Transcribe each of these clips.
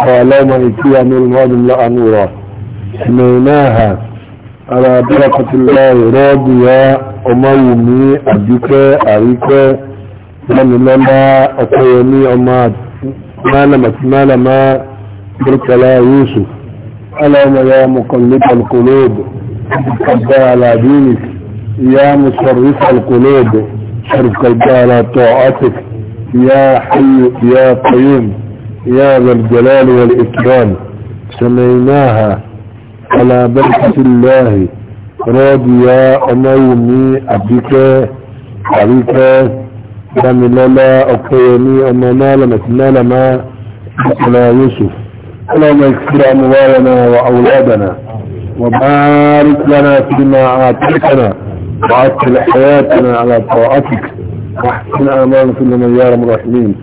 قال من يتيها من المال لا نورا سميناها على بركة الله راضية أميمي أبيك أريك من لما أقيمي أماد ما لما ما لما بركة لا يوسف ألم يا مقلب القلوب قد على دينك يا مصرف القلوب شرف قلبها على طاعتك يا حي يا قيوم يا ذا الجلال والإكرام سميناها على بركة الله راضية أميمي أبيك أبيك جميلالا أقيمي أمنا لمتنا لما على يوسف اللهم اكفر أموالنا وأولادنا وبارك لنا فيما آتيتنا وعدت حياتنا على طاعتك واحسن أمانة لمن يا رب الرحمين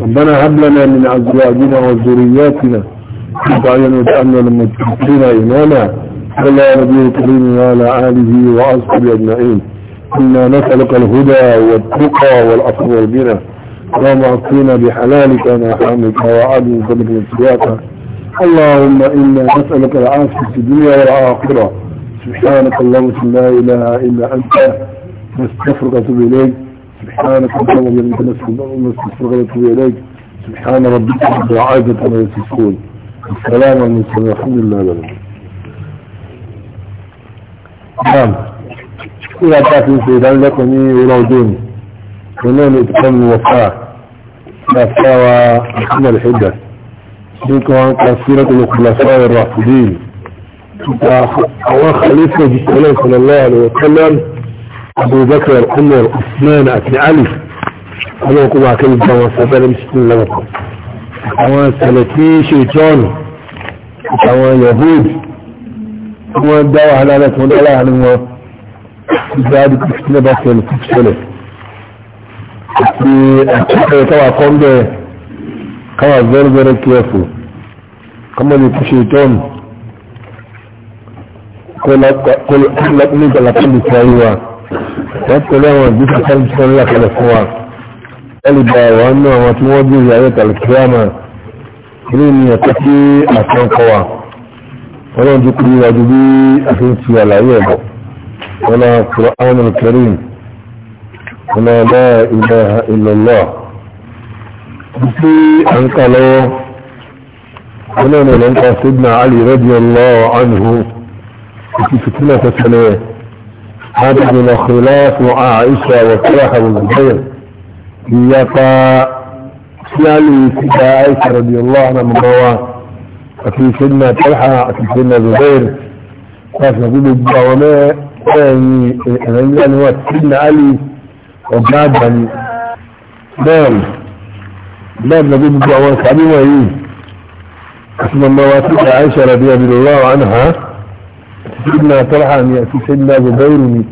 ربنا هب لنا من أزواجنا وذرياتنا وعين وجعلنا للمتقين إماما صلى نبي الكريم وعلى آله وأصحابه أجمعين إنا نسألك الهدى والتقى والأصل والبنى اللهم أعطينا بحلالك ما حرمك وعدلك من اللهم إنا نسألك العافية في الدنيا والآخرة سبحانك اللهم لا إله إلا أنت نستغفرك إليك سبحانك اللهم وبحمدك نسأل الله نستغفرك ونتوب إليك سبحان ربك رب العزة عما يصفون السلام عليكم الحمد لله رب نعم إذا كانت سيدان لكم يراودون ونون إتقام الوفاء الوفاء وحكم الحدة سيكون عن قصيرة الخلفاء الرافدين أول خليفة جسد الله صلى الله عليه وسلم أبو بكر عمر عثمان أبن علي أنا أقول لك أن جوا سبب مسكين لكم àwọn sẹ̀lẹ̀tí ṣètọ́nù àwọn yahood tí wọ́n dá wàhálà rẹ̀ tó dára àárín wọn ìgbàdì kìtìlẹ̀ bá sẹ̀lẹ̀ kìtìlẹ̀ àti àkíkẹ̀rẹ̀ káwà kọ́ńdẹ̀ káwà very very careful kọ́mọ̀lì kú ṣètọ́nù kó lápẹ́ ní ìgbàlápẹ́ nìkan yíwa wọ́n tẹ̀lé àwọn ìgbésẹ̀ sáré tí wọ́n ń làkàlẹ̀ fún wa ẹ̀lì bá wà nínú àwọn tí wọ́n bèèrè ayé tàlùkìyàmà ilé ni ẹ̀kọ́ tí àtàn kọ wa wọ́n náà dúkú ní wájú bí àfihàn àlàyé ẹ̀bọ̀ wọ́n náà kúrọ̀ àwọn ìkẹrin wọ́n náà bá ilẹ̀ ìlọ́lọ́ bí à ń kà lọ́wọ́ wọ́n náà nà lọ́nkà sídìnà alì rẹ́díọ̀ lọ́wọ́ ànìhó ìfìfìtìlẹ̀ tẹ́tẹ́lẹ̀ هذا من خلاف عائشة وكره والزبير يقى سيالي سيدة عائشة رضي الله عنه من مبوا أكي سنة تلحى أكي سنة زبير فاسنا نقول بقوامي يعني الإنسان يعني هو سنة علي وقادني نعم نعم نقول بقوامي سعني ما اسم أسمى مواسيق عائشة رضي الله عنها سيدنا طلحة ني أتي سيدنا زبير ني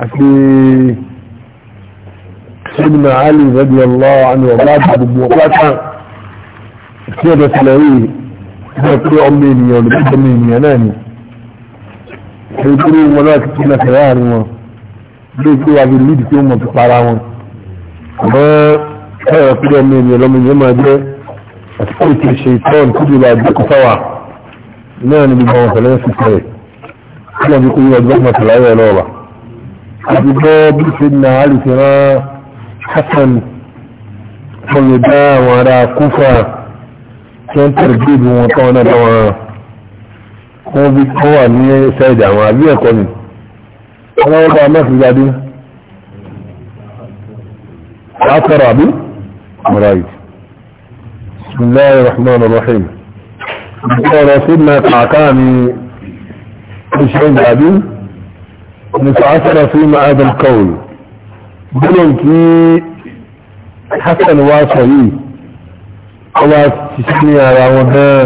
أتي سيدنا علي رضي الله عنه وقات أبو وقات سيدة سلاويه ذكر أمي ني ولد أمي ني أناني سيدنا ولاك كنا خيار ما بيكو عبد الليد في أمة تقارعون ما كان يقول أمي ني لمن يما جاء أتكوت الشيطان كل بعد ذلك سوا نعم بالبوابة لا يسمى كريه أنا بيقول يا الزحمة العيوة نوبة أبي باب سيدنا علي سراء حسن صيدا وراء كوفا كان ترجيب وطانا دواء هو بيقوى مني سيدة وعبية قولي أنا وضع ما في ذادي عطر عبي مرايز بسم الله الرحمن الرحيم مثلا سيدنا تعكاني بشعين عبي نسعصر في مآد القول بلن كي حسن واسعي أو تسمي على وها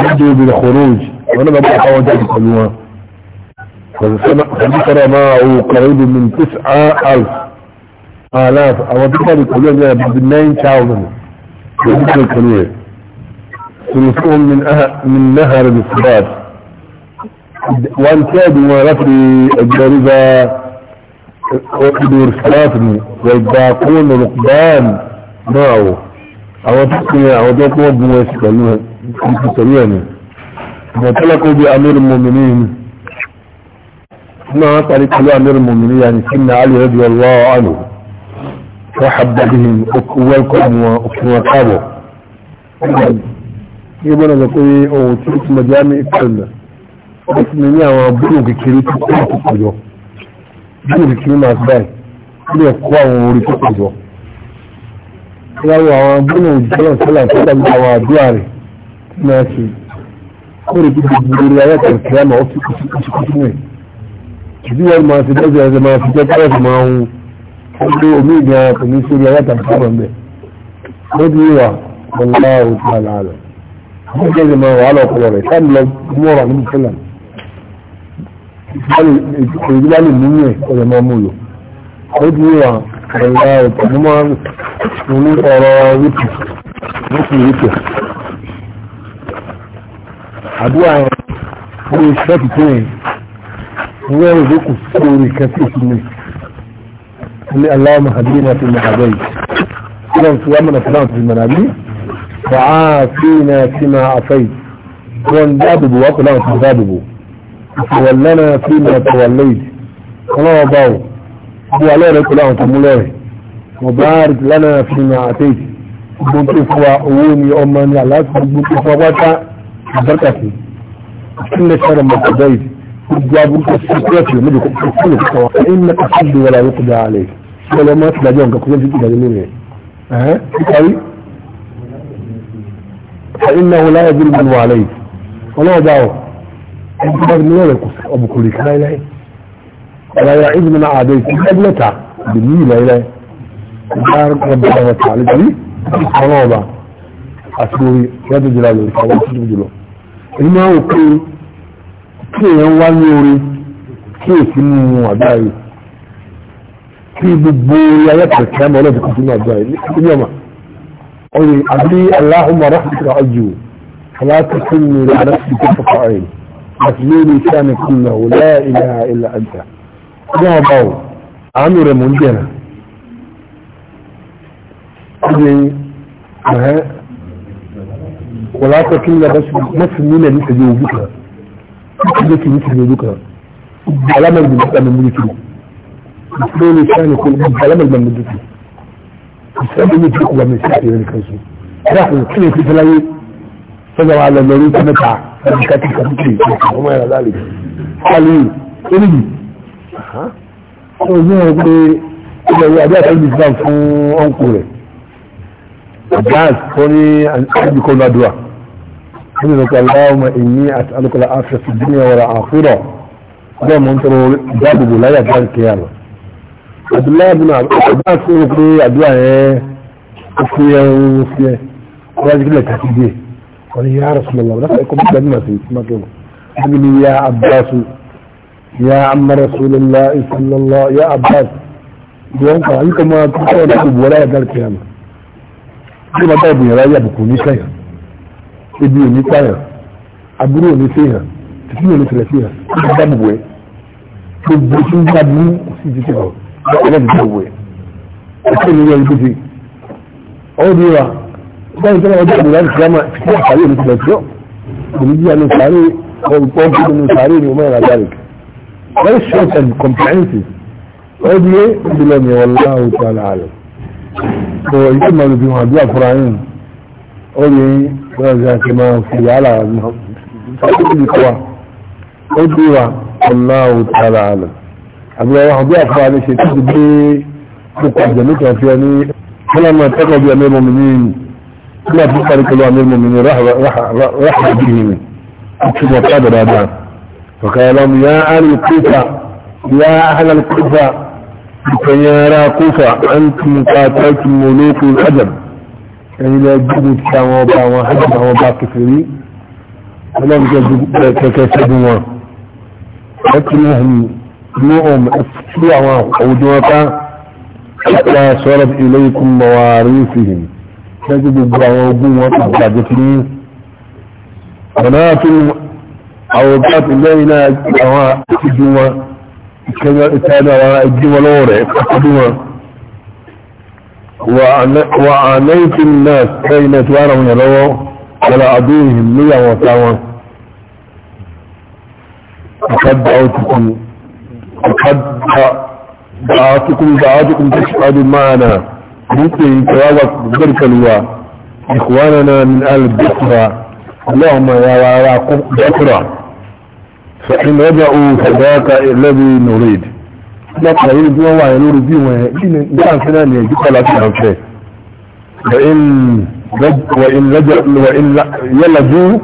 بدو بالخروج وانا ما بقى حوجة بكلوها فالسنة معه قريب من تسعة ألف آلاف أو دفع بكلوها بدو بالنين تاوزن بدو بالكلوها ثلثهم من أه... من نهر الفرات وانتادوا ورفري الجاربة وقدر رسلاتهم والباقون رقبان معه او تقنية او تقوى بمواسكة وطلقوا بأمير المؤمنين ما طريق لأمير المؤمنين يعني سيدنا علي رضي الله عنه وحب بهم والكم وكابه gẹ́gẹ́ bọ́nà lọ pé ohun tí ó ti mọ̀já ní ìpàlẹ̀ ó ti ní àwọn búrò kékeré tó kọ́ àti pọ̀jọ́ búrò kékeré máa báyìí ó lè kó àwọn orí tó pọ̀jọ́ láwọ àwọn búrò ìjọba sọ́là tó dàbí àwọn àdúrà rẹ̀ tí máa ṣe ó lè kíkọ́ gbogbo ayé kẹ̀kẹ́ àmọ́ ó fi kúsíkúsí rẹ̀ ìdí wọn máa ṣe dọ́jọ́ ẹsẹ̀ máa fi jẹ́ pẹ́rẹ́sì máa ń gbé omi ìgbà kò ní sórí ayé kẹ̀kẹ́ àmọ́ bẹ́ẹ̀ lọ́dún ìwà ọ̀la òkú àlàálẹ̀ wọ́n jẹ́ ìmọ̀ wàhálà ọ̀pọ̀lọ̀ rẹ̀ káàdì lọ mọ́ra ní ìfẹ́lẹ̀ ìjọba lè mú yẹn ọ̀rẹ́ mọ́ mú lò ó ti wà ẹ̀yà ìtọ́jú mọ́ ní ọ̀rọ̀ wípì wípì wípì àdúrà ẹ̀ ní ṣẹ́ẹ̀tì tó yẹn wọ́n rẹ̀ ló kù sórí kẹsì ìsinmi ilé aláwọ̀ mahadum àti mahadum yìí wọ́n fi wá mọ̀nà fúlàǹtì mọ̀nà bíi فعافينا فيما عافيت وانجابب وقلا تغابب تولنا فيما توليت الله وضعه هو عليه لكلا تموليه وبارك لنا فيما عافيت كنت فوا أولي أماني على كنت فوا واتا بركتي كل شر ما قضيت جابوك السكرات النبي كله فإنك تحد ولا يقضى عليك ولما تلاجون كنت تلاجون ايه اه فإنه لا يجب من عليك ولا دعوه أنت بغني لك أبو كل لا الهي ولا يعيد من عاديك ابنتع بالنيلة الهي بارك ربنا وتعالى لي ولا دعوه أسوري يد جلاله الكواب تجب جلو إنه هو كي كي هو نوري كي سمو عدائي كي ببوري يترك كام ولا تكون سمو عدائي اليوم قولي عبدي اللهم رحمك أرجو فلا تكلني لنفسي كفك عيني مسلولي كان كله لا إله إلا أنت يا باو عمر منجنة قولي ولا تكلن بس مسلولي لتجوبك تجوبك مثل العلامة اللي بنقدر نملكه مسلولي كان كله العلامة اللي بنملكه ìsẹ́gun ní ìdíkù wà mí sí àti ìrìn kan sí ẹ̀rọ àkùnrin kí ni ìfi tẹ́láyé sọ́jà wa lọ lórí tó mẹ́ta ẹ̀rọ kàtí kàtí kì í ọmọ ẹ̀rọ lálẹ́ kálí orí yìí ó ní ọ̀rọ̀ pé ilẹ̀ ìwé adé àtàlù ìsìlám fún ọ̀nkù rẹ̀ gáàs tó ní àdìkọ́ ládùá ó ní ọ̀pọ̀ aláwọ̀mọ̀ èyí àti alùpùpù àfẹ́sì dúnìyà wọ̀rọ̀ àfúrọ̀ ọgbọ́n mọ̀ ń tọrọ dáàbòbò láyà dáàbò kéyà lọ abdullahi bin abbas ń rò pé àdúrà yẹn ó fi ẹrun sí ẹ ọlọ́jì kílẹ̀ tàbí dé wọ́n yá rasulullah láti ẹ̀kọ́ bí gbajúmọ̀ sí ìsúnmọ́kẹ́ wọn níbi ni ya abbas ya amma rasulullah sallallahu ya abbas wọ́n kọ́ àyíkọ́ máa tó kọ́ ọ̀dọ́ ìbò ọlá ẹ̀dá ẹlẹ́dìdìwò ẹ̀ ẹ̀kọ́ ìlú yẹn gbèsè ọwọ́ bí wa báyìí tẹ́lẹ̀ ọjọ́ ìgbìmọ̀ láti kílámà tí wọ́n sáré ní tilẹ̀ tíọ́ òmìnira ní sáré ọgbọ́n tó ní sáré ní ọmọ ìrajà rẹ̀ very short and comprehensive ọwọ́ bí yẹn ìdílé mi wọ́n láwùjọ tó àlà rẹ̀ tó ìdí máa àbí àwọn àbí àfáà ní ṣe tó ti gbé púpọ̀ àjẹ̀lú kan fi ẹni kọ́lá máa tẹ́kọ̀ọ́ bí amẹ́rẹ́ mọ̀mí ní kí láti parí pẹ̀lú amẹ́rẹ́ mọ̀mí ní ráhà bí ní àtúbọ̀ tábà dáadáa ọ̀kà lọ́mù yá àrùn kúfà yá àhàlà kúfà ìfẹ̀yẹ́ra kúfà ẹ̀ǹtì mùkà tẹ́kì mọ̀lókù hajjab ẹni lẹ́ gbógun ti àwọn ọba àwọn hajjab àwọn ọba kẹfìrí ọlọ́run kẹfẹ́ sẹ́gun wọn ẹ̀kùnrin نعم أسكي وعودوك حتى صارت إليكم مواريثهم تجد بوابون وتبادتني وناتم أوقات إلينا أجوا كما إتانا وأجوا لوري أجوا وعنيت الناس كينا توارهم يلوه ولا أدوهم لي وطاوه فقد دعوتكم قد دعاتكم دعاتكم تشهدوا معنا ممكن يتواجد ذلك الوا إخواننا من آل البصرة اللهم يا واقف بصرة فإن رجعوا فذاك الذي نريد لقد يجب أن ينور بهم وإن كان يجب على شيء وإن رج وإن رجع وإن يلجوا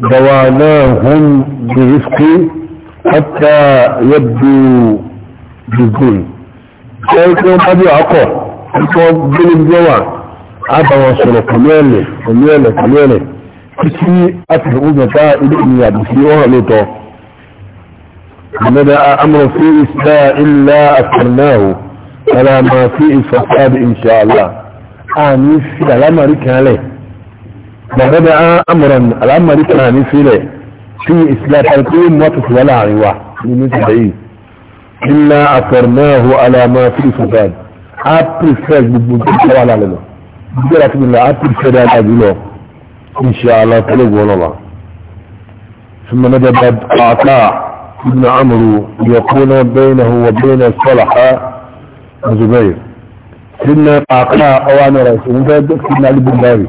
دواناهم برفق hatta yabdu jùgbìn ṣẹ́yìn tí wọ́n bá bí ọkọ̀ tí wọ́n gbélé bí wà á bá wọn sọ̀rọ̀ pẹ̀lú ẹ̀lẹ̀ pẹ̀lú ẹ̀lẹ̀ pẹ̀lú ẹ̀lẹ̀ títí àti ìgbẹ̀ta ilé ìrìn àbò sí ọ̀rọ̀ lóòótọ́ مدى امر فيه لا الا اثرناه على ما فيه فساد ان شاء الله اني في الامر كان له مدى امرا الامر كان في له في إسلام القيم وتتولى عن واحد من بعيد إلا أثرناه على ما في سبان أبري فرج ببنتين حوالي لنا بجرة من الله أبري فرج على ذلك إن شاء الله تلقوا الله ثم ندب عطاء ابن عمرو يكون بينه وبين الصلحة الزبير سنة عطاء أوانا رأسه مفادك سنة علي بن باري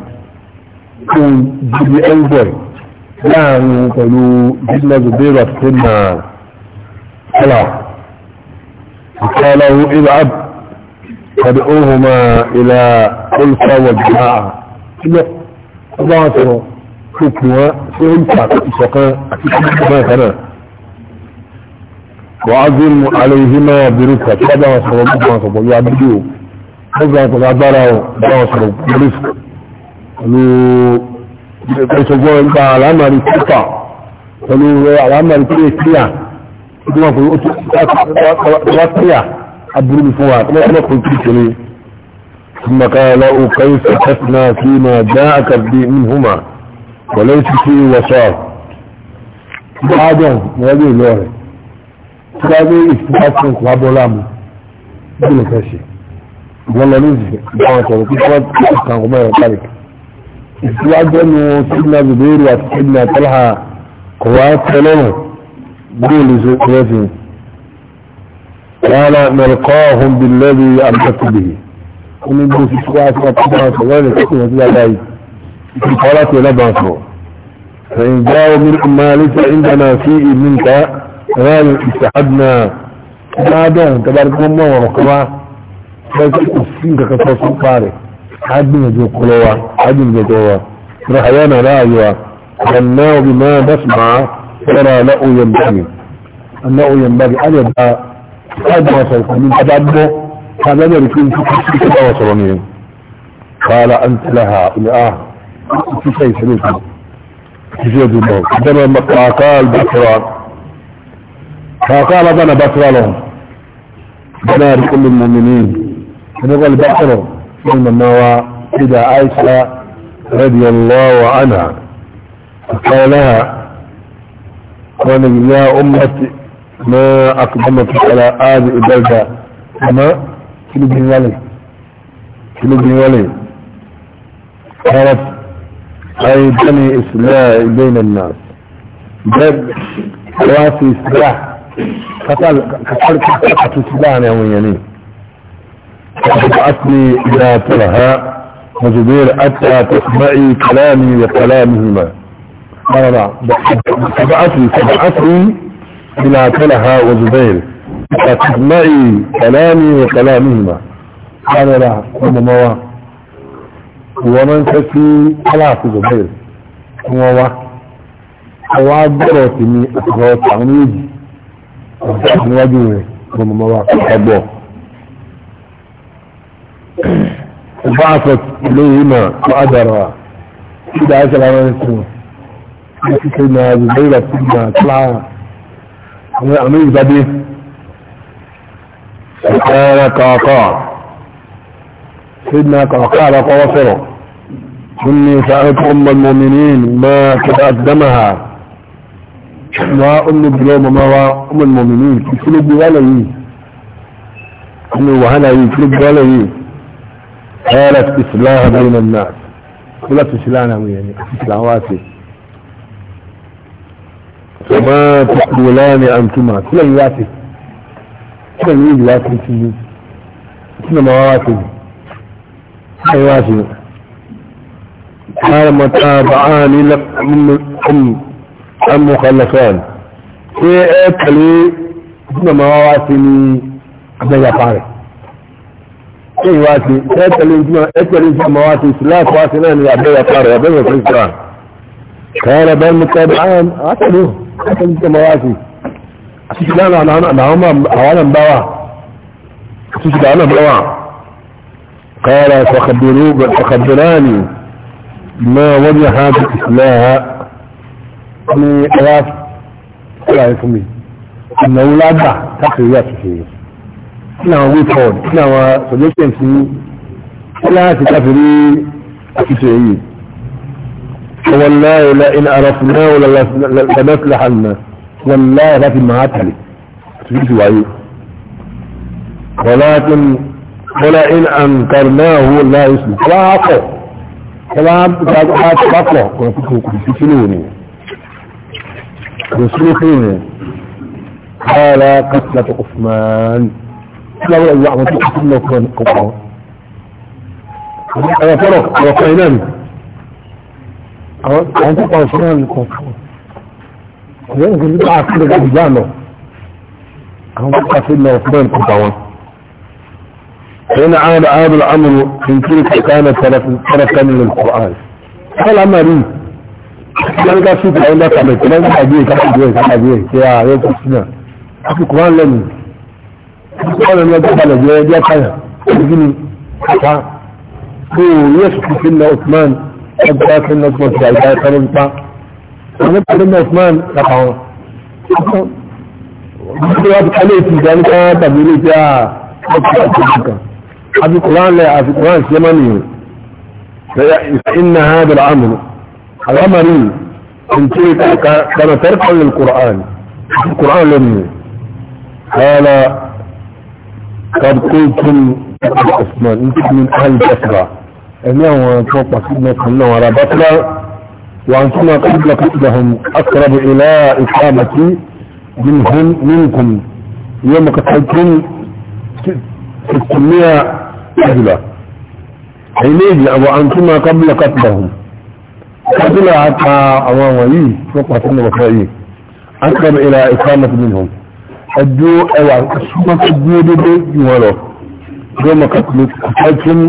كون جدي أول láàrin pẹ̀lú jílẹ̀ zubairu àti tó nà kọ́lá ìkọ́lá ohun ìlú ab kọ̀dí ohun ma ìlà olùkọ́wọ̀ jùmáà sílẹ̀ ọgbà wọn sọ̀rọ̀ tó kù wọn sí olùkọ́ àti ìṣọ̀kan àti ìṣọ̀kan ìṣọ̀kan وعظم عليهما برفقة هذا ما صلى الله عليه وسلم يعبدوه هذا ما صلى الله عليه وسلم برفقة قالوا ìṣògbọ́n nípa àlámàrí pípa pẹ̀lú àlámàrí pílẹ̀ kíyà tí wọ́n fún wá kíyà aburú ní fún wa tí wọ́n kò kí kiri ثم قال أكيف تفنى فيما جاءك منهما وليس فيه وصار بعدهم وهذه اللغة تقابل استفادة صحابه لامه بلا كاشي والله نزل بعض صحابه كيف تفنى فيما جاءك السياد انه سيدنا زبير وسيدنا طلحة قوات سلامة بقول زبير قال نلقاهم بالذي أمسك به هم انه في سواء سواء سواء سواء سواء سواء سواء في صلاة لا بأسوا فإن جاءوا من أمالك عندنا في منك قال استحدنا ما دون تبارك الله ورحمه بس في قصص فارق عدم جوكلوة عدم جوكلوة رحيانا رأيوة جناه بما نسمع ترى لأو ينبغي أنه ينبغي أن يبقى قد وصلت من أدبه كان يكون في كل كده وصلني قال أنت لها الآه في شيء سليسي تجد الموت عندما قال بكرة فقال بنا بكرة لهم بنا لكل المؤمنين فنقول بكرة المنوى إلى عائشة رضي الله عنها فقال لها قال يا أمتي ما أقدمت على هذه البلدة أما كل بن ولي كل بن ولي قالت أي بني إسلاء بين الناس بل واسي سلاح قتل قتل قتل سلاح يعني فدعتني إلى ترها وزبير حتى تسمعي كلامي وكلامهما قال نعم. فدعتني فدعتني إلى تلها وزبير حتى تسمعي كلامي وكلامهما قال لا أم موا ومن تسي على زبير موا هو برتني أخرى تعميدي أخرى تعميدي أم موا أحبه وبعثت إليهما وأدرا كده على نفسه في سيدنا زبيرة سيدنا طلعة عميز به سيدنا قعقاع سيدنا قعقاع وصره إني سألت أم المؤمنين ما تقدمها ما أم اليوم ما أم المؤمنين كل بوالي أم وهلا كل بوالي قالت إسلام بين الناس قلت إسلام يعني إصلاحواتي فما تقولان أنتما كل كل يواتي لا تنسي كل مواتي كل يواتي قال متابعان لك من أم أم مخلفان في إيه، أكلي كلا مواتي أبدا فارق kí ìwà sí ẹ́tẹ̀lẹ́ ìjọmọ̀ wá sí ìsìláàfù wá sí náà ni àbẹ́yà parọ̀ àbẹ́yà kírísítà kẹ́rẹ̀ bẹ́ẹ̀ mú kẹ́rẹ̀ àwọn àtẹ̀lẹ́ ìjọmọ̀ wá sí àtìsíláàfù àwọn àbáwà àtìsíláàfù àwọn àbáwà kẹ́rẹ̀ fọ̀kàbìránì mọ́ wọ́n yà hàn ìsìláàfù ní ẹwà fúnmi ìnáwó lágbà tákìrí àtìsíláàfù ní àwọn way forward ní àwọn suggestion sí kíláàsì káfírí àtúnṣe إن والله لئن عرفناه والله لكن ما عتلي تجيب وعيه ولكن إن انكرناه لا يصلح لا عقل كلام بتاعت عقله كنتوني كنتوني قال قتلة عثمان láwọn ẹ̀yà àwọn tó kọ́kọ́ lọ fún ọkọ̀ ẹ̀yà fọ́rọ̀ ọ̀fẹ́ iná ni àwọn tó kọ́ ọ̀fẹ́ náà nìkan ọ̀yẹ́ nìkan nípa àkílẹ̀ láti gbá lọ àwọn tó kọ́kọ́ lọ fún ọkọ̀ àwọn فإن عاد عاد العمل من تلك كان تركا للقرآن قال عمري كان قاسي تعالى كما كان حديث حديث حديث يا يا تسمع القرآن لم قال ما دخل جاء جاء كذا يجيني حتى هو يشكي فينا عثمان قد جاء فينا عثمان شعيدا خرجت ونبقى لنا عثمان قطعوا وقت عليه في ذلك تبيلي جاء في القرآن لا في القرآن اليمني فإن هذا الأمر الأمر إن كان تركا للقرآن القرآن لم قال قد قلتم عثمان من اهل بصرة انا واتوقع سيدنا كلنا وراء بصرة وانتم قبل قتلهم اقرب الى اقامتي منهم منكم يوم قتلتم 600 رجلا عينيجي او قبل قتلهم قبل حتى اوان ولي فوق سيدنا بصرة اقرب الى اقامتي منهم ẹdúró ẹwà súnmọ́tò dúró dédé ìwọ̀n lọ bí wọ́n mọ̀ká pẹ̀lú kọ́tún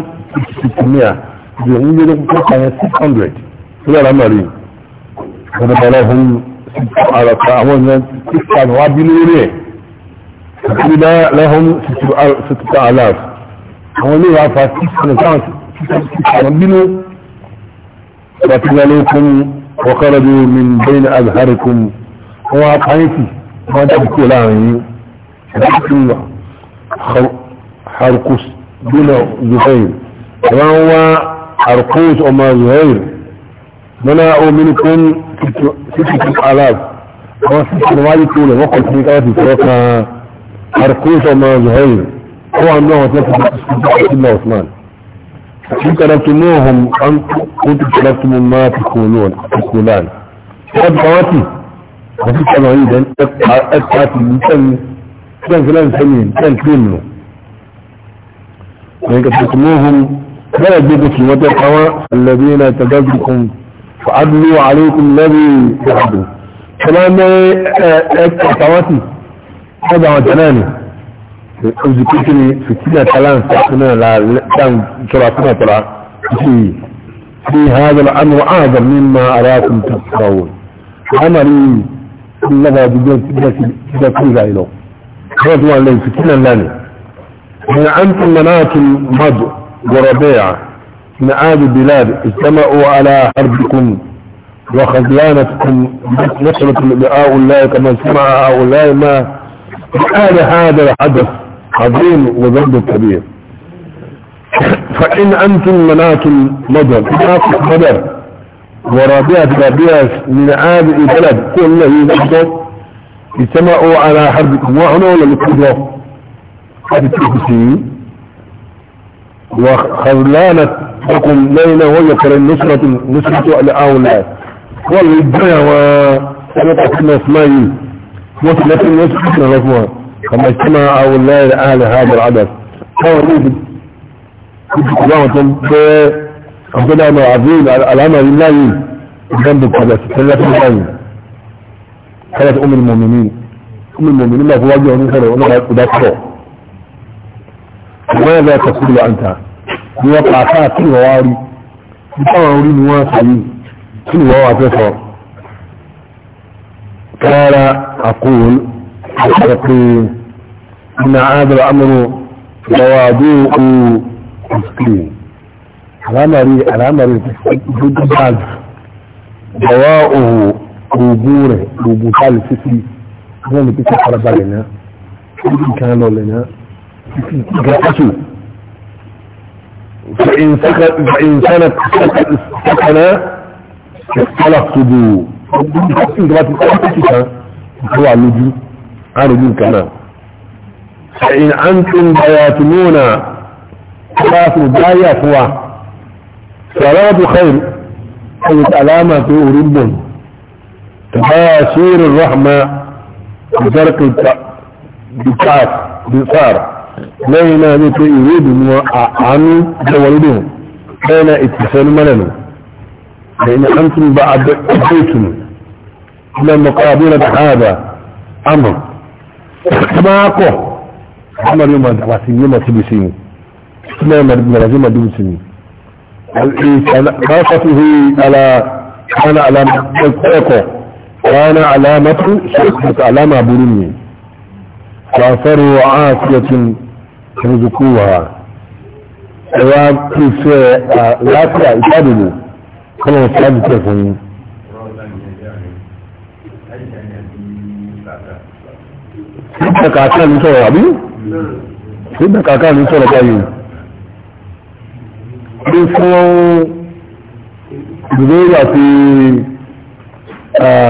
ìsìnkúnmíà bí wọ́n yẹ́ lókùnkùn kanyẹ 600 tó yàrá mọ̀rí ọ̀dọ̀bọ̀lá ọ̀hún àrọ̀kọ̀ àwọn èèyàn tí kàn wá bí lórí ẹ̀ àti lọ́hún 60 aláàf àwọn ilé wàá fa 600 pounds àwọn bínú ọ̀dọ̀ tí wọ́n lókun wọ́kọ́rọ̀ bí min bẹ́ẹ̀ ni azharikum wọ́n wọ́n jáde kúrò láàrin yìí ìdájú harkus dúnà zuhair wọ́n wá harkus ọmọ zuhair mọ́nà ominikun síkìtì aláàbù wọ́n sì ṣe wáyé tó lè wọ́n kọ̀ sí káwọ́ ti sọ kan harkus ọmọ zuhair ó wà ní àwọn tó ti sọ sí ní osman إن كرمتموهم أنتم كنتم كرمتم ما تكونون تكونان قد فواتي وفيك أنا عيدا ادفع في الانسان كان فلان سنين كان كلمه وإنك تحكموهم فلا يجبكم وتقوى الذين تجدكم فعدلوا عليكم الذي تحدوا كمان ادفع طواتي طبعا جناني أذكرتني في كل كلام سأخنا لأن شرعتنا طلع في في هذا الأمر أعظم مما أراكم تفكرون عملي lọ́ba dúdú títẹ́ kú ìgbà ìlọ wọ́n tún wà lẹ́yìn fìtínà من أنت مناة مد وربيع من آل البلاد اجتمعوا على حربكم وخزلانتكم نصرة لهؤلاء كما سمع هؤلاء ما آل هذا الحدث عظيم وذنب كبير فإن أنتم مناة مدر مناة مدر ورابعة رابعة من عاد البلد كله يحضر اجتمعوا على حرب وهنا ولا لكبرى هذه التكسين وخلانت لكم ليلة ويكر النصرة نصرة الأولاد والبيع وسنة كنا اسمائي وثلاث نصرة رفوها كما اجتمع أولاد أهل هذا العدد كانوا يجب كنت قدامة ọ̀gbẹ́dá ọmọ àbúrò àlámà yìí láyé ìgbẹ́mbù padà sí tẹ́lẹ̀ fún láyé kọ́lá tó ọmọ ìmọ̀mìnì ọmọ ìmọ̀mìnì máa fi wájú ọdún sọ̀rọ̀ ọlọ́dà kúdà pọ̀ wọ́n lọ kọ̀ sílùú àǹtà ni wọ́n pa àká kí wọ́n wá rí nítawọn orí ni wọ́n sọ yìí kí wọ́n wá fẹ́ sọ kára àkóhùn àṣẹpẹ́ ìnà àádọ́rọ̀ amúrò lọ́wọ́ àdúró kú alamari alamari gbogbo báàgì bọ̀wọ́ òhù ogun rẹ̀ ogun táàlì títí wọ́n ní pípẹ́ farabalẹ̀ náà títí kan lọlẹ̀ náà títí ga aṣò ìsànà sàkànà ìsànà tóbi ogun ìjọba ti kọ́ títí kan tó wà lójú àrùn kan náà sa'in an tun bayatun nuna ba su baya fuwa ثواب خير حيث علامة أورب تباسير الرحمة بزرق بكاس بصار لين نتو يريد وعامي جوالدهم لينا اتصال ملنا لأن أنتم بعد أبيتم إلى مقابلة هذا أمر اختماقه عمر يوم الدعواتي يوم تبسيني اسلام ابن رجيم الدوسيني خافته على كان علامة الكوكو كان علامة شركة علامة برمي فأثروا عافية رزقوها وكيف لا تعتبروا كما تعبت فيه Sídà kàkà ní sọ̀rọ̀ àbí? Sídà kàkà ní ní fún ìdúgbòrò àti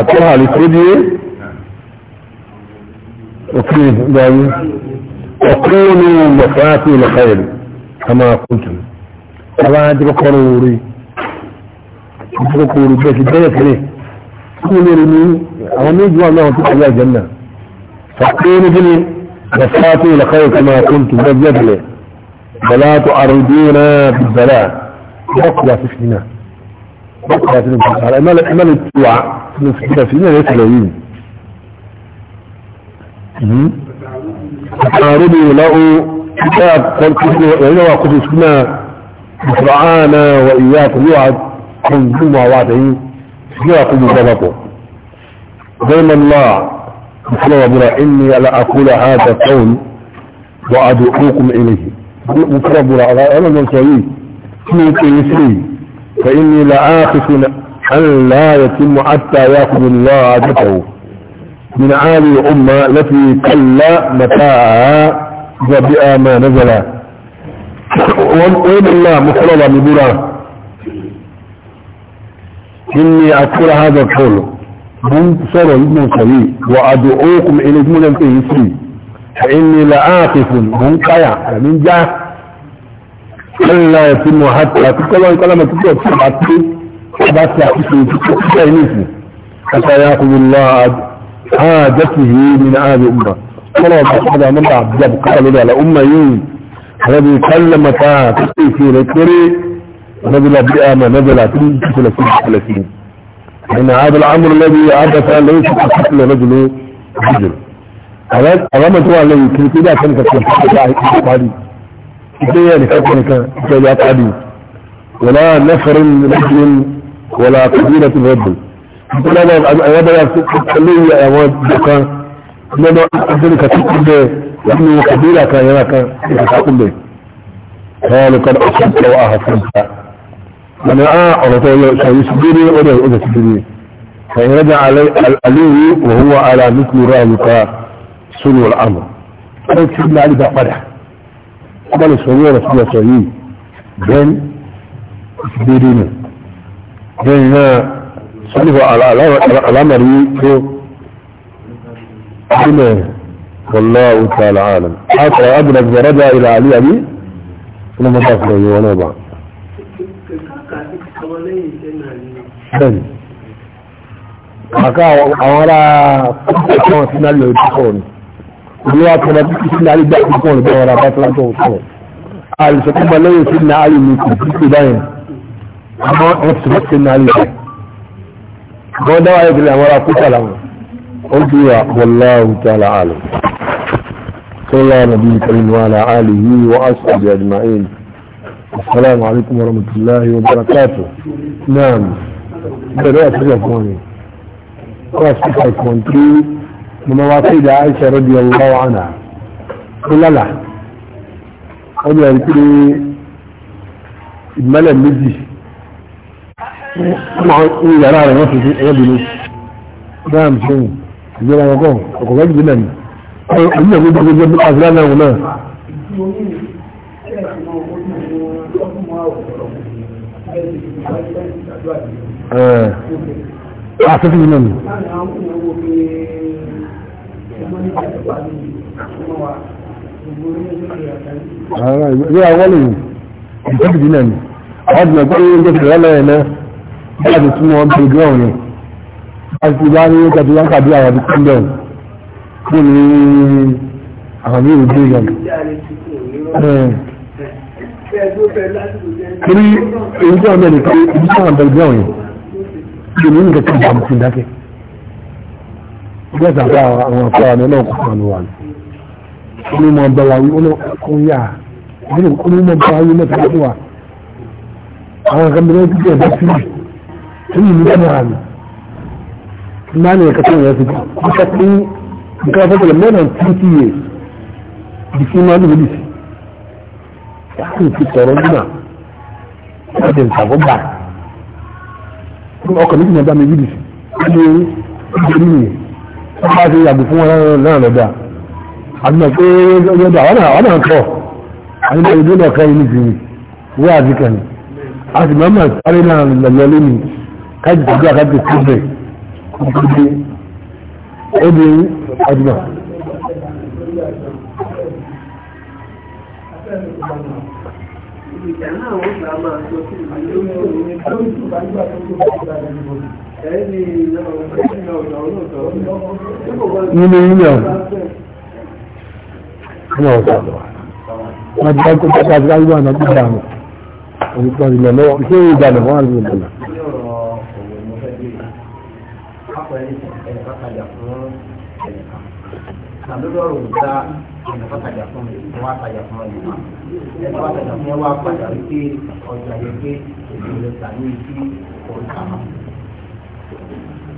tọ́hà lè tó díé òfin ìgbàmí ọkùnrin ní mọ̀fáàtì ìlọ̀kọ̀ẹ̀lì a máa kúntù ọba jẹ́kọ́kọ́rọ̀ orí ìjọkọ̀ orí bẹ́ẹ̀ ti bẹ́ẹ̀ tẹ́lẹ̀ kí lè rí ní àwọn méjì wà náà tó kọjá àjẹ́ náà fàkúrò ní kí ni mọ̀fáàtì ìlọ̀kọ̀ẹ̀lì a máa kúntù bẹ́ẹ̀ ولا تعرضونا بالبلاء بقوة في فينا بقوة في فينا الأمال الأمال التوعى نسكت فينا ليس لين تعرضوا له كتاب قلت وقف قدسنا مفرعانا وإياكم يوعد كنتم وعدين سياكم ضبطوا بين الله سبحانه وتعالى إني لا أقول هذا قول وأدعوكم إليه مكرب على أنا من في كيسري فإني لآخف أن لا يتم حتى يأخذ الله عادته من عالي الأمة التي كلا متاعها وبئا ما نزل وإن الله مخلص بدورة إني أكثر هذا الحول من سر ابن سعيد وأدعوكم إلى جملة كيسري فإني لآقف من قيا من جاء ألا يتم حتى تقول أن كلمة تقول حتى تقول يعطيك حتى يأخذ الله حاجته من آل أمة قالوا بحضا من بعد عبد قالوا على أميين الذي كلم تاتي في ذكري ونزل بأما نزل تنتسل في الثلاثين إن هذا الأمر الذي عبث ليس قتل رجل رجل àwọn ọmọ tó wà lẹ́yìn kiri pé dáa kẹ́nìkan kan tó bá ìpínlẹ̀ parí ìpé yẹn nìkan kẹ́nìkan tó bá parí wọ́n á nẹ́fẹ̀rin lẹ́yìn wọ́n á kàbí láti rẹ̀bù ìpínlẹ̀ àwọn bá wà lẹ́yìn àwọn dùkan lọ́nà ìpínlẹ̀ kan tó kún bẹ́ẹ̀ wọ́n mú kàbí kan yẹn kan ìpínlẹ̀ kún bẹ́ẹ̀ wọ́n lè kan ọ̀sán tó wà á fún ta wọ́n á ọ̀rọ̀ tó yọ ṣàyí síbírí ó dẹ̀ ó dẹ̀ síbírí فإن رجع عليه وهو على مثل ذلك سنو الأمر أنا كتبنا علي بقى فرح قبل سنو رسول سوية بين سبيرين بين سلو الأمر كما والله تعالى عالم حتى أدرك درجة إلى علي أبي لما تفضل وانا بعض bẹ́ẹ̀ni àká àwọn ará ọ̀pọ̀ tí náà olúwa kọ̀ọ̀dà tí kìí sínú àrígbà púpọ̀ rẹ̀ bọ́ọ̀rọ̀ abáfẹ́lájọ́ ọ̀sọ̀ àìsàkúgbà lẹ́yìn sí ní àárín ní kò tí kò dáyẹn àmọ́ ẹ̀sùn sí ní àárín rẹ̀ wọ́n dáwà yẹ kiri àwọn akúta làwọn ó ti wà wọláhù tààlà àlọ́ sọ́lá nàbí kàrin wà là yìí wọ́n á sọ àbí àjùmáyìn assalamu alaikum warahmatullahi wabarakatuh naam bẹ̀rẹ̀ àti ìjọba wọn ni wọ́n á sọ 5.3 مواقيد عائشة رضي الله عنها قل لا قل يا ركلي الملا المزي طبعا ايه يا رأي نفسي في ايه بلو نعم شو يقول انا قوم اقول اجب نعم انا اقول اجب جنب الاسلام هنا اه اعتقد منه ní àwọn lè ìjọba ìdílé ni àwọn ìgbà pé ó ń jẹ́ ìrọ̀lẹ́ ẹ̀ náà bí a ti tún wọn bí ojú ọ̀run a ti wá ní ọjọ́ ìwọ́n kàbí àwọn àbí kúndọ̀n kó ní àwọn ní ìròjú ìyàn. torí èyí tí wọ́n mẹ́rin pé ìdílé àwọn bẹ̀rẹ̀ bí ọ̀run kí ni nǹkan kan bá mi ti dákẹ́ gbẹ́sà fún àwọn afárá ní ọlọ́run kọ̀ọ̀kan ló wà ní. ó ní mọ ọba wa yìí ó ń yà ó ní mọ ọba wa yìí mẹ́ta fún wa. àwọn kan bẹ̀rẹ̀ títí ẹ̀dá sílẹ̀ tó yìí ní kámẹ́rà mi. máa ní ẹ̀ka tó yẹ sí kí wọ́n sọ pé nǹkan afẹ́fẹ́ mẹ́rin and twenty years di fún wa ní ìlú sọ̀rọ̀ nígbà láti ìtàkùn ọkọ̀ nígbà bá mi wíìlì sí. ó ní nìyẹn wọ́n bá ti yàgò fún wọn náà lọ́dà àdúgbò pé lọ́dà wọ́n náà kọ́ àdúgbò ìlú náà kọ́ yìí nìsín wọ́n àti kàn á sì máa máa sáré náà lọ́lọ́ lónìí káàdì tàbí àkáàdì tó bẹ̀ kúkúdé ó di Ìjà náà wọ́n gbà máa sọ sí ìgbàlódé lórí ìgbàlódé tó bá gbà tó tó bá gbà lórí nínú yíyọ ọmọ ọ̀sọ̀lọ̀ wọ́n ti dákó tó káàkiri ayé wà náà gbígbà mọ̀ orúkọ ìlẹ̀ lọ́wọ́ ṣé ìgbàlẹ̀ wọ́n àlè ìgbàlẹ̀ àdúgbò òrùka ìnàfàtàjà fún mi wọn àtàjà fún ọyọ wa ẹgbẹ́ àtàjà fún ẹ wá padà wípé ọjà yẹ pé èdè ìlọta ní ibi òrùka náà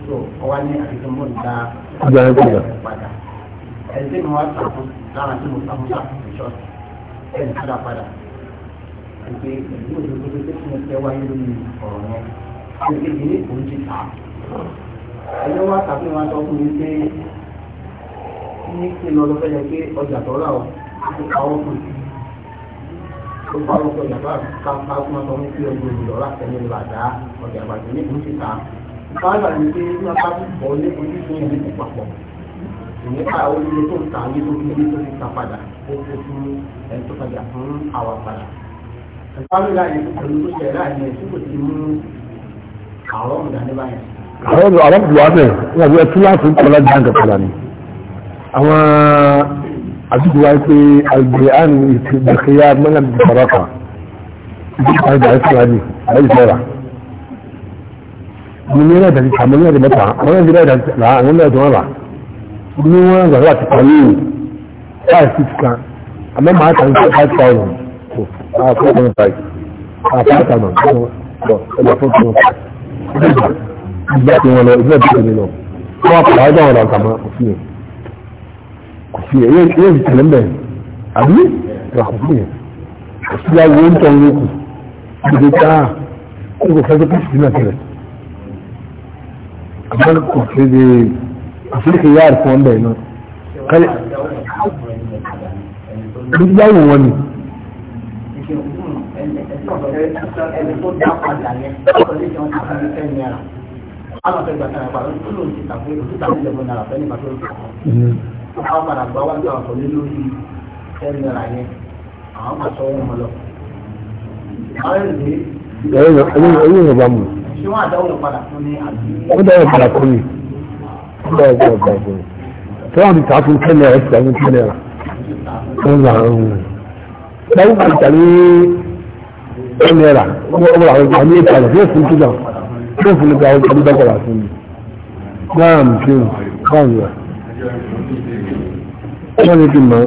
so ọwọ́ ní àfikún mọ́ nígbà ọjọ́ ìgbà padà ẹni tí mo wá sàkún lára tí mo sàkún sàkún ìṣọ́ ẹni padà padà ìpè ìlú òdòdó tó fún ẹsẹ̀ wáyé lórí ọ̀rọ̀ yẹn ẹni tí ìdílé òun ti kà á ẹni wá sàkún wá sọ fún mi pé ní kí lọ́dọ̀ fẹ́ yẹ pé ọjà tó rà ó ó fún mi tó bá lọ́kọ̀ yàrá ká ká fún ọmọ mi kí ọgbọ̀n ìlọ́ra ẹni lọ́dà ọjà àgbàdo ní òun ti kà báńkà ní pé ní ọba bọ̀ ní oníṣẹ́ ìlú púpọ̀ ìyẹn ká àwọn ilé tó ń ta ayé tó fi tó fi ta padà ó kó fún ẹni tó padà fún àwa padà ìpamọ́ ìlànà pẹ̀lú tó ṣe ẹ̀rá ìyẹn tí kò ti mú àwọn ọ̀dà ní báyìí. àwọn ọ̀dọ̀ àwọn ọ̀dọ̀ wàá bẹ̀ wọ́n àbúrò tí láti ń kọ́ láti dáńgà padà ni àwọn àdúgbò wa pé àgbẹ̀ àrùn ìtìgbàkẹ́yà mọ́nà ìfọ̀rọ̀kà ìdíkà ìdàgbàsíwájú àyè ìfọ̀rọ̀ mo ní ẹ̀rẹ́ ìdájí àmọ́ ní ẹ̀rẹ́ mẹ́ta àwọn ẹ̀rẹ́ ìdájí là àwọn ẹ̀rẹ́ ìdájí wọn là ní wọn gbàgbọ́ àti kan ní five six kan àmọ́ màá kàn sí five thousand to five four point five five thousand to ẹgbẹ́ four point five ìgbà tí wọn lọ ìgbà tí wọn lọ wọn wá pàdé àwọn ọ̀dà àtàmọ́ kò sí yẹn kò sí yẹn yóò fi tẹ̀lé mbẹ́ àbí ìgbà kò sí yẹn kò sí yà wọ́n tọ́ wọn kù ìgbà tí wọn kò fẹ́ amma ko sai dai afirka ya arfa wanda yana kare duk yawon wani àwọn padà gba wá nípa ọ̀pọ̀ lórí ẹni ra yẹn àwọn pàṣẹ wọn lọ. àwọn ènìyàn ẹni ìyẹn bá mu ṣé wọ́n àdáwò padà fún ní àbí. ó dáwọ́ padà fún mi tí wọ́n ti ta fún ten naira ti ta fún ten ń ràn án dáwọ́ padà ta ní ten naira ó wọ́n àwọn àmì ìta rẹ̀ yóò fún kíjà yóò fún nígbà ó dáwọ́ padà fún mi náà mi kí n kọ́ wọ́n ní kí n mọ̀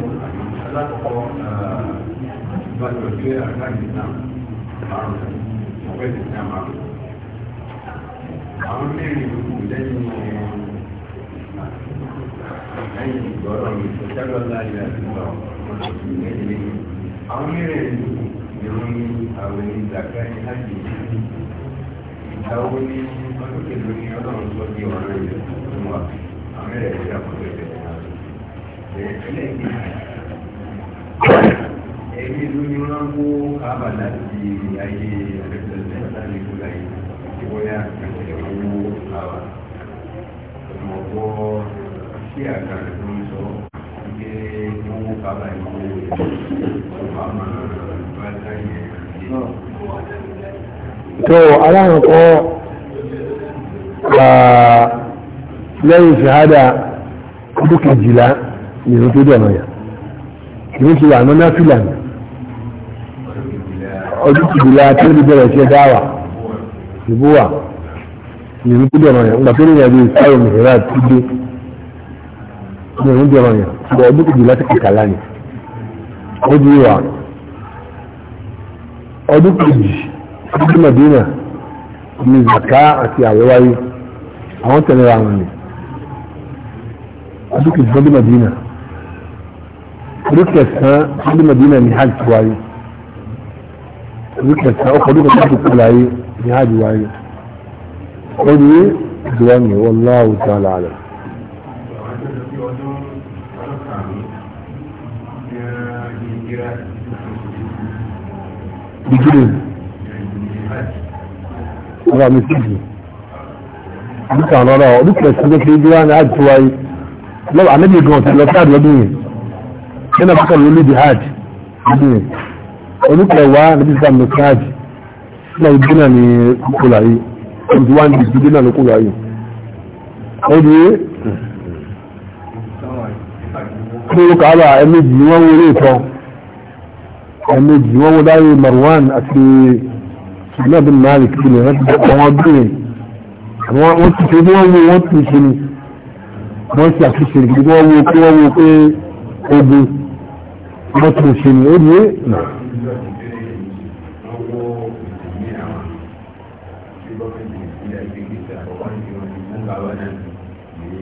Thank àwọn mẹ́rin lókù lẹ́yìn lẹ́yìn ìgbọ́rọ̀ mi tó jágbọ́ láàyè àtúntò ìgbẹ́lẹ̀ àwọn mẹ́rin lókù ni wọ́n ní àwọn ìgbàgbá ní láti ìdáwó ní ọdún kẹlò ní ọlọ́run tó di ọ̀rọ̀ rẹ̀ fún wa àwọn mẹ́rin lókù àkọ́kọ́ ìgbẹ́lẹ̀ ẹ̀mí ló ní wọ́n kó kábàlá ti ayé ẹ̀rẹ́sẹ̀lẹ̀ láti ìgbọ́lá yìí àti bóyá àkàtẹ̀ owó àwà ọmọ ọgbọ́ sí àkàtẹ̀ tó ń sọ pé owó bàbá ìwé ọba máa bá láyé tó aláǹkọ́ lẹ́yìn ṣàhádà ọdún kejìlá ni ó tó dọ̀nà yà ìwé ti wà náà fìlànà ọdún kejìlá tó ní bẹ̀rẹ̀ ṣe dáwà ìbúwà ìrìn tó dẹ̀rọ yẹn ńgbà tó ní ìrìn ìsáyọ̀ mìíràn tó dé ìrìn dẹ̀rọ yẹn ṣùgbọ́n ọdún kejìlá ti kàkàlá ni ó di wà ọdún kejì ọdún mọ̀dínà ní zaka àti àwẹ́wáyé àwọn a ra wọn ni ọdún kejì ọdún mọ̀dínà ọdún kẹsàn-án ọdún mọ̀dínà ni hajj wáyé ọdún kẹsàn-án ọkọ̀ ọdún kẹsàn-án tó kú láyé ní hajj wáyé ó ní ìdúrà ní wallahu ta'ala alam. beginning ara mi síbi nípa àlọ́rọ̀ orúkọ ìsinmi kí ní wọ́n ní hajj tó wáyé lọ́wọ́ àmì gan ti lọ sáà lọ́dún yìí nínú àkọ́kọ́ ló lè di hajj lọ́dún yìí orúkọ ìwá níbi sáà mi hajj náà ìdínà ní kókó láyé twenty one days ìdínà ló kó láyé ó di é kí ló kàá bá ẹ̀mẹ́jì wọ́n wọlé ìtọ́ ẹ̀mẹ́jì wọ́n wọ́n dáyé Marwan àti ṣùgbọ́n bin Malik kí lè rántí àwọn ọdún yẹn àwọn wọ́n ti ṣe bí wọ́n wo wọ́n ti ṣe ni wọ́n ti àtúnṣe bí wọ́n wo pé wọ́n wo pé ogun wọ́n ti ṣe ni ó di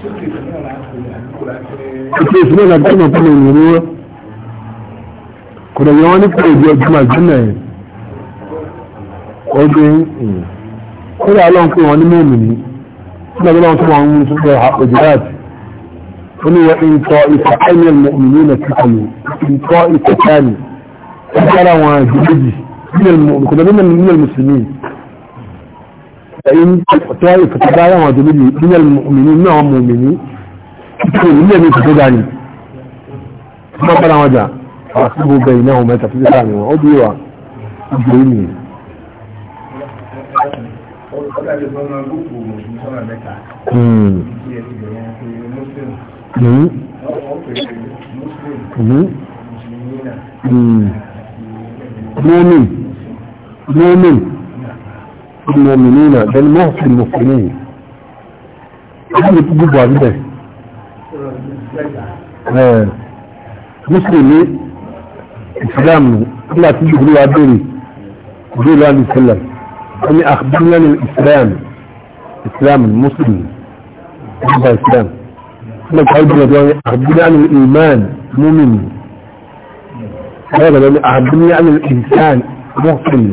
kòtò ìsúná náà gbọ́dọ̀ tó lè nìyí wọ́n kò dẹ̀ yẹ wọ́n ní kò èdè ọdún àjúmọ̀ ẹ̀ ọdún ó dà lọ́n pé wọ́n ní mọ́ọ̀mù ní ó dà lọ́n tó wọ́n ń tún bẹ̀ òjì láti ó ní wọ́n ìfọ̀ àìmọ̀ mọ̀ọ̀mù ní ilẹ̀ kíkọlù ń tọ́ ìfọ̀ káàní ó dára wọn àjù méjì nílẹ̀ mọ̀ọ̀mù kò dẹ̀ nílẹ̀ mùsùlùmí ẹ̀yìn ọ̀tọ́ ìfẹ̀tẹ̀dá àwọn àjò méjì nílẹ̀ mùmìnì ní àwọn mùmìnì títí nílẹ̀ ní ìfẹ̀tẹ̀ dá ní ọmọ bára wọn jà àti gbogbo ẹ̀yìn náà mẹ́ta títí sáà ní wọn ó dúró wa ìjọ yìí nìyí. Mọ́mí, hmm. hmm. hmm. المؤمنين ده المحسن المسلمين اللي بتجيبوا عندنا اه مسلم اسلام لا تيجي يقولوا عبدالي يقولوا لا نسلم اخبرني عن الاسلام اسلام المسلم هذا اسلام احنا بحاول بنا يعني اخبرنا عن الايمان مؤمن هذا يعني اخبرني عن الانسان محسن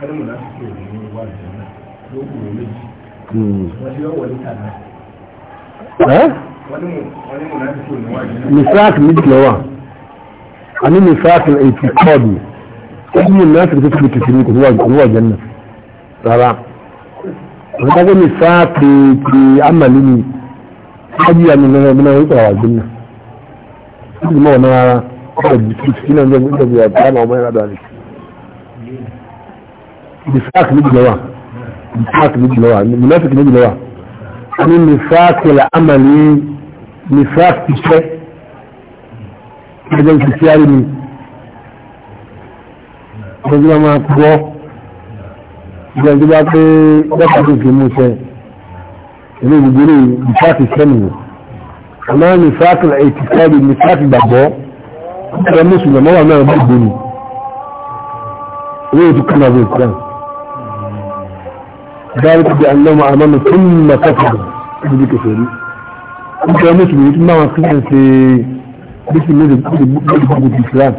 kárìmù láti ṣe ìròyìn wà lẹ́yìn náà yóò kúrò méjì wọ́n ti yọ wọlé kàdá. wọ́n ní mò láti ṣe ìròyìn wà lẹ́yìn náà. mifrak méjì lọ wà a ní mifrak ètí kọ́ọ̀dù ó kún mò láti ṣe ìròyìn kìkì ní kò ní wà jẹ́ rárá. wọ́n dágbé mifrak ti amàlí ni ájú àmì náà bí kọ̀ wà jẹ́ ó sì mọ̀ wọn rárá ó kọ̀ jù kìkì náà ń jẹ́ ìjọba ìjọba ìjọba ọmọ ẹ̀rọ nifaq méjì ló wà nifaq méjì ló wà munafik méjì ló wà ani nifaq la amali nifaq iṣẹ́ ẹjọ́ ìṣiṣẹ́ ayé ni ọjọ́ máa gbọ́ ìjọba tó bá pé dọ́kítà tó fi mú ṣe ilé ìgbèrè nifaq iṣẹ́ la ètí sẹ́ẹ̀lì nifaq gbàgbọ́ ọjọ́ mùsùlùmí wà náà gbogbo ni ilé ìtukọ̀ náà ذلك بأنهم آمنوا ثم كفروا بدي كفروا انت يا مسلم انت ما مسلم في باسم نزل الإسلام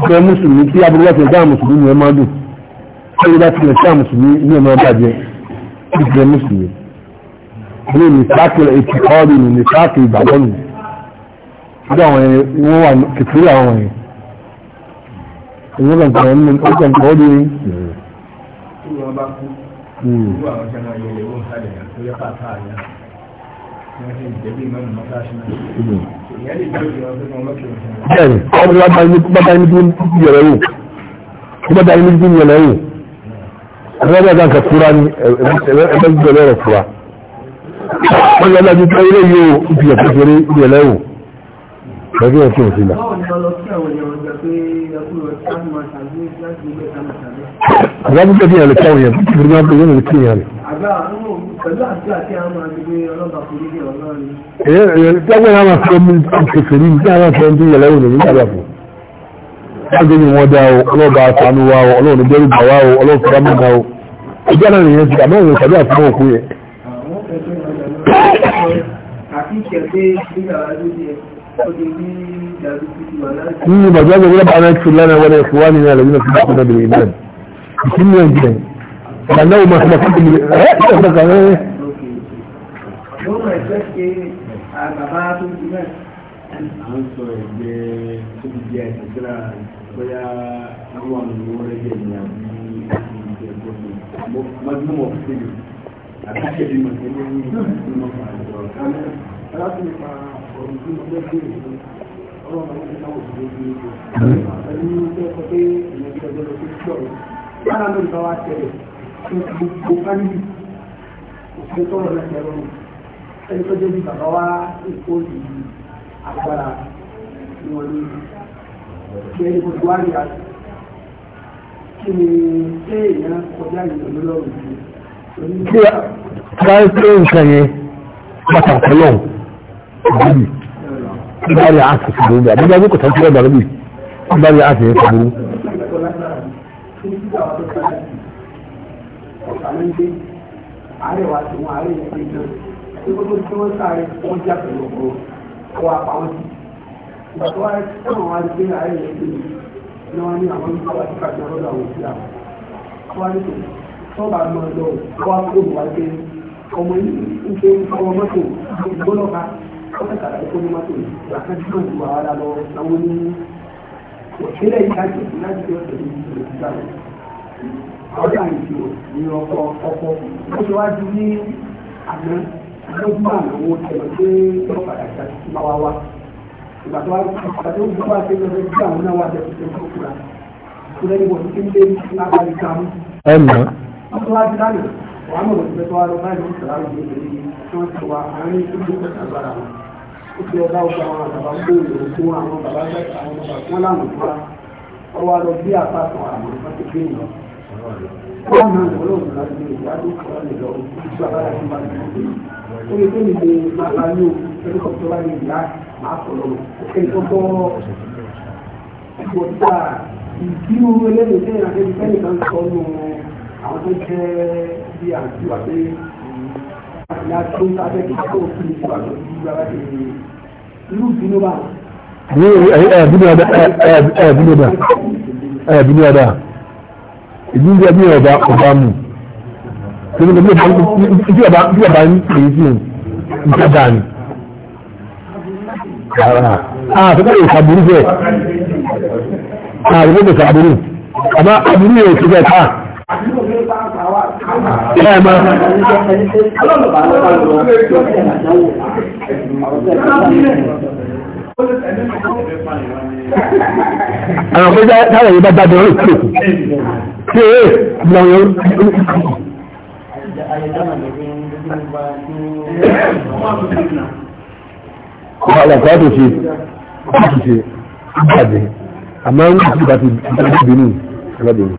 انت يا مسلم انت يا عبد الله تنزع مسلمين يا مادو قال لا تنزع مسلمين يا ما بعد انت يا مسلم هو النفاق الاعتقادي والنفاق البعضني ده هو كفروا هو هو كان قوي tí wọ́n bá kú gbogbo àwọn tí wọ́n yẹ lè wọ́n sálẹ̀ yẹn tó yẹ ká ká àyà wọ́n ti jẹ̀bi ìmọ̀nà mọ́sáàsì náà ìyá lè jẹ́ òkè ọdún ọmọ kìlọ̀ bẹ́ẹ̀ni ọdún bá ní bí bá ní bí yẹrẹ wò bí bá ní bí yẹrẹ wò àwọn ọmọ kan kura ni ẹgbẹ́ gbẹ̀rẹ̀ rẹ̀ fura wọ́n yẹ lọ́jọ́ tó ilé yìí ó ìbìyànjú kéré ìbìyànjú lọ́jọ́ ẹ̀kí òsì là. àgbàbí pé kí èèyàn lè kí àwọn èèyàn bí kìbìrì máa ń pè yóò lè kí èèyàn rẹ̀. Ìjọba náà máa fẹ́ mi kèfèrí nígbà náà fẹ́ ń bí ìyàlẹ́ òní nígbà àbàfọ̀. Láàgbé ni wọ́n dá o, ọlọ́ba àtàánú wa o, ọlọ́run bẹ́rù bà wá o, ọlọ́run fúra mọ́ ga o. Ìjọba náà nìyẹn ti àmọ́ òun sàdúrà fún òkú yẹn. Àwọn ọ̀pẹ̀ tó ń lọ إني بجاز الرب أن يكفر لنا ولإخواننا الذين سبقونا بالإيمان بكل يوم فلو ما سبقت بالإيمان Gracias. Lára lórí bá wá tẹ̀lẹ̀ tó gbogbo fánìlì, òfin tó rọ̀ lẹ́sẹ̀ rọrùn, ẹni tó jẹ́ bí bàbá wá èkó ìlú agbára ní wọn ní ìgbẹ́ gbogbo àríyá. Kí ni ṣé èèyàn kọjá ìlú lọ́rùn yìí? Kí a bá ń pè nǹkan yẹn pàtàkì lọ́wọ́, àbúrò bari a su sabo ba mun ga ku tantu da rabi bari a su sabo àríwá tí wọn àríwá ti jẹ tí gbogbo tí wọn sáré wọn já pẹ̀lú ọgbọ ọwọ́ àpamọ́ sí ìgbà tó wáyé tí wọn wá gbé àríwá ti jẹ ní wọn ní àwọn ìgbà ọmọ yìí ń ṣe ọmọ mọ́tò gbọ́dọ̀ ká wọ́n kàkà láti kó ní mọ́tò yìí àkájú náà ju àwa la lọ náwó ní ìpínlẹ̀ yìí láti ìpín láti fi ọ̀sẹ̀ ní ìṣòro ìgbà rẹ̀. ọjà ìṣòro ní ọkọ̀ ọkọ ó ti wá di ní àná lójúmọ́ àná ó fi ọba ọgbà àwọn àgbàbà ń bèrè òkun àwọn bàbá mẹ́ta àwọn bàbá wọn làwọn fúra ọwọ́ lọ bí àpapọ̀ àwọn ọba ti gbé lọ. wọ́n náà lọ́wọ́ lọ́wọ́ lọ́wọ́ lọ́wọ́ ìwádìí kan lè lọ ojú àbára tó bá lè lọ. ó lè tó lè lè máa bá ní òkú pẹ̀lú kọ́ tó bá lè yá máa sọ lọ́wọ́ òkè tó bọ́ ìgbọ̀ta ìdíwọ́ eléyìí tẹ́yìn àti ẹnikẹ́ni kan sọ nù àwọn tó jẹ́ bí àjù àti ẹ̀ẹ́dínú ọ̀dá ìdíjú ẹbí ọ̀dá ọ̀dá mú tí ọba ń pè é sí nǹkan dáa ni àtúntò ìsàbùrú bẹ́ẹ̀ àtúntò ìsàbùrú àmọ́ àbúrú yẹn ò ti bẹ́ẹ̀ káà ẹ̀mọ́ àwọn ọ̀pẹ́ sára yìí bá bá bẹ̀rẹ̀ òkú òkú tí ó lọ́wọ́ ọ̀pọ̀lọpọ̀ tó ṣe ọ̀pọ̀lọpọ̀ àmọ́ ń bá ti bá ti bínú ẹlọ́bìnrin